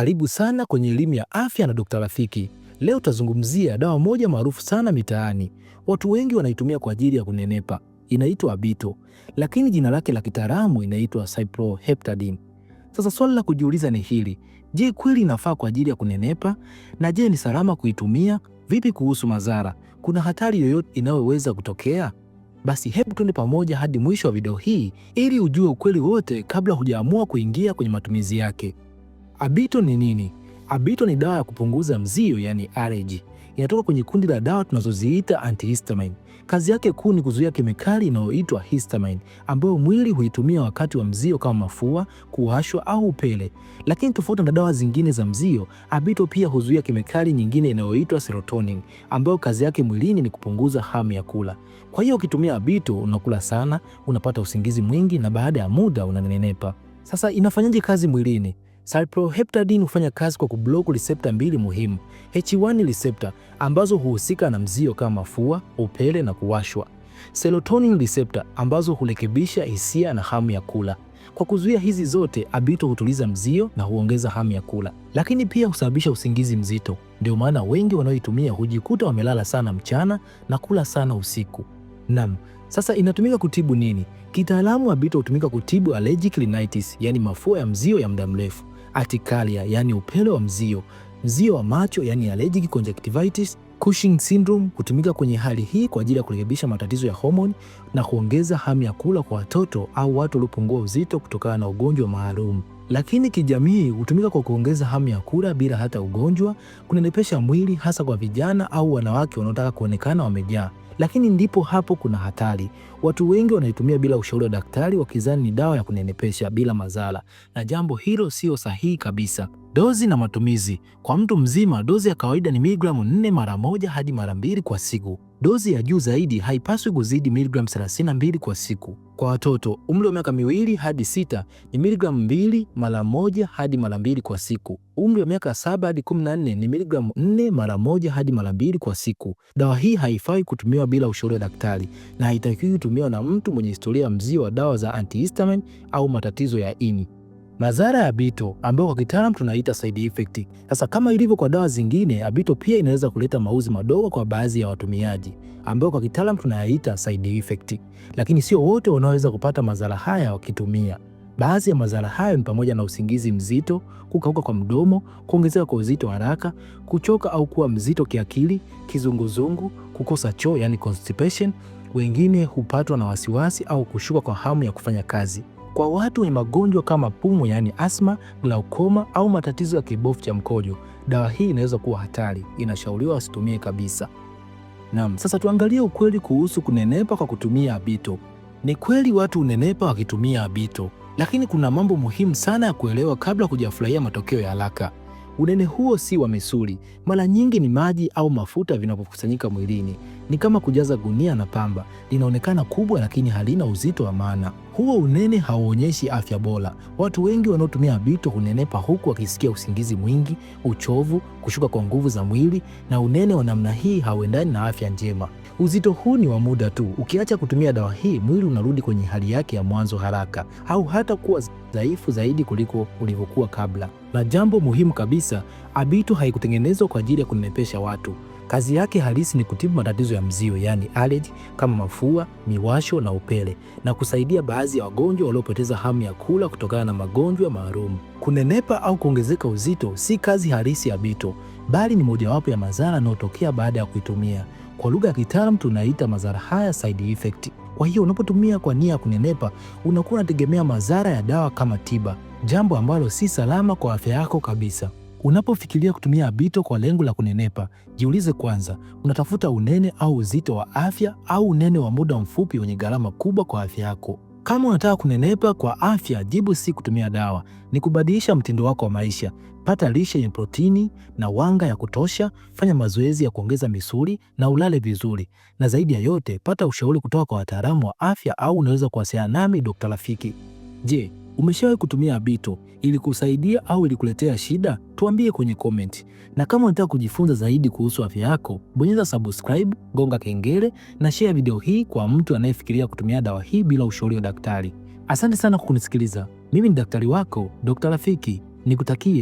Karibu sana kwenye elimu ya afya na Dr. Rafiki. Leo tutazungumzia dawa moja maarufu sana mitaani, watu wengi wanaitumia kwa ajili ya kunenepa. Inaitwa Abito, lakini jina lake la kitaalamu inaitwa cyproheptadine. Sasa swali la kujiuliza ni hili: je, kweli inafaa kwa ajili ya kunenepa? Na je, ni salama kuitumia? Vipi kuhusu madhara? Kuna hatari yoyote inayoweza kutokea? Basi hebu tuende pamoja hadi mwisho wa video hii ili ujue ukweli wote kabla hujaamua kuingia kwenye matumizi yake. Abito ni nini? Abito ni dawa ya kupunguza mzio, yani allergy. Inatoka kwenye kundi la dawa tunazoziita antihistamine. Kazi yake kuu ni kuzuia kemikali inayoitwa histamine ambayo mwili huitumia wakati wa mzio kama mafua, kuwashwa au upele. Lakini tofauti na dawa zingine za mzio, Abito pia huzuia kemikali nyingine inayoitwa serotonin ambayo kazi yake mwilini ni kupunguza hamu ya kula. Kwa hiyo ukitumia Abito unakula sana, unapata usingizi mwingi na baada ya muda unanenepa. Sasa inafanyaje kazi mwilini? Cyproheptadine hufanya kazi kwa kublock receptor mbili muhimu, H1 receptor ambazo huhusika na mzio kama mafua, upele na kuwashwa, serotonin receptor ambazo hurekebisha hisia na hamu ya kula. Kwa kuzuia hizi zote, abito hutuliza mzio na huongeza hamu ya kula, lakini pia husababisha usingizi mzito. Ndio maana wengi wanaoitumia hujikuta wamelala sana mchana na kula sana usiku. Naam, sasa inatumika kutibu nini? Kitaalamu, abito hutumika kutibu allergic rhinitis, yaani mafua ya mzio ya muda mrefu atikalia, yani upele wa mzio, mzio wa macho, yani allergic conjunctivitis, Cushing syndrome. Hutumika kwenye hali hii kwa ajili ya kurekebisha matatizo ya homoni na kuongeza hamu ya kula kwa watoto au watu waliopungua uzito kutokana na ugonjwa maalum. Lakini kijamii hutumika kwa kuongeza hamu ya kula bila hata ugonjwa, kunenepesha mwili hasa kwa vijana au wanawake wanaotaka kuonekana wamejaa. Lakini ndipo hapo kuna hatari. Watu wengi wanaitumia bila ushauri wa daktari, wakizani ni dawa ya kunenepesha bila madhara, na jambo hilo sio sahihi kabisa. Dozi na matumizi: kwa mtu mzima, dozi ya kawaida ni miligramu 4 mara moja hadi mara mbili kwa siku. Dozi ya juu zaidi haipaswi kuzidi miligramu 32 kwa siku. Kwa watoto umri wa miaka miwili hadi sita ni miligramu 2 mara moja hadi mara mbili kwa siku umri wa miaka saba hadi kumi na nne ni miligramu nne mara moja hadi mara mbili kwa siku. Dawa hii haifai kutumiwa bila ushauri wa daktari na haitakiwi kutumiwa na mtu mwenye historia mzio wa dawa za antihistamine au matatizo ya ini. Madhara ya bito ambayo kwa kitaalamu tunaita side effect. Sasa kama ilivyo kwa dawa zingine, abito pia inaweza kuleta mauzi madogo kwa baadhi ya watumiaji ambayo kwa kitaalamu tunayaita side effect, lakini sio wote wanaoweza kupata madhara haya wakitumia. Baadhi ya madhara hayo ni pamoja na usingizi mzito, kukauka kwa mdomo, kuongezeka kwa uzito haraka, kuchoka au kuwa mzito kiakili, kizunguzungu, kukosa choo, yani constipation. Wengine hupatwa na wasiwasi au kushuka kwa hamu ya kufanya kazi. Kwa watu wenye magonjwa kama pumu, yani asma, glaukoma au matatizo ya kibofu cha mkojo, dawa hii inaweza kuwa hatari, inashauriwa wasitumie kabisa. Naam, sasa tuangalie ukweli kuhusu kunenepa kwa kutumia abito. Ni kweli watu hunenepa wakitumia abito, lakini kuna mambo muhimu sana ya kuelewa kabla hujafurahia matokeo ya haraka. Unene huo si wa misuli, mara nyingi ni maji au mafuta vinavyokusanyika mwilini. Ni kama kujaza gunia na pamba, linaonekana kubwa lakini halina uzito wa maana. Huo unene hauonyeshi afya bora. Watu wengi wanaotumia bito hunenepa huku wakisikia usingizi mwingi, uchovu, kushuka kwa nguvu za mwili, na unene wa namna hii hauendani na afya njema. Uzito huu ni wa muda tu. Ukiacha kutumia dawa hii, mwili unarudi kwenye hali yake ya mwanzo haraka au hata kuwa dhaifu zaidi kuliko ulivyokuwa kabla. Na jambo muhimu kabisa, Abitu haikutengenezwa kwa ajili ya kunenepesha watu. Kazi yake halisi ni kutibu matatizo ya mzio, yaani allergy, kama mafua, miwasho na upele, na kusaidia baadhi ya wagonjwa waliopoteza hamu ya kula kutokana na magonjwa maalum. Kunenepa au kuongezeka uzito si kazi halisi ya Bito, bali ni mojawapo ya madhara yanayotokea baada ya kuitumia. Kwa lugha ya kitaalam tunaita madhara haya side effect. Kwa hiyo unapotumia kwa nia ya kunenepa, unakuwa unategemea madhara ya dawa kama tiba, jambo ambalo si salama kwa afya yako kabisa. Unapofikiria kutumia abito kwa lengo la kunenepa, jiulize kwanza, unatafuta unene au uzito wa afya au unene wa muda mfupi wenye gharama kubwa kwa afya yako? Kama unataka kunenepa kwa afya, jibu si kutumia dawa, ni kubadilisha mtindo wako wa maisha. Pata lishe yenye protini na wanga ya kutosha, fanya mazoezi ya kuongeza misuli na ulale vizuri, na zaidi ya yote, pata ushauri kutoka kwa wataalamu wa afya, au unaweza kuwasiliana nami Dr. Rafiki. Je, Umeshawahi kutumia Bito ili kusaidia au ilikuletea shida? Tuambie kwenye comment, na kama unataka kujifunza zaidi kuhusu afya yako, bonyeza subscribe, gonga kengele na share video hii kwa mtu anayefikiria kutumia dawa hii bila ushauri wa daktari. Asante sana kwa kunisikiliza. Mimi ni daktari wako Dr. Rafiki, nikutakie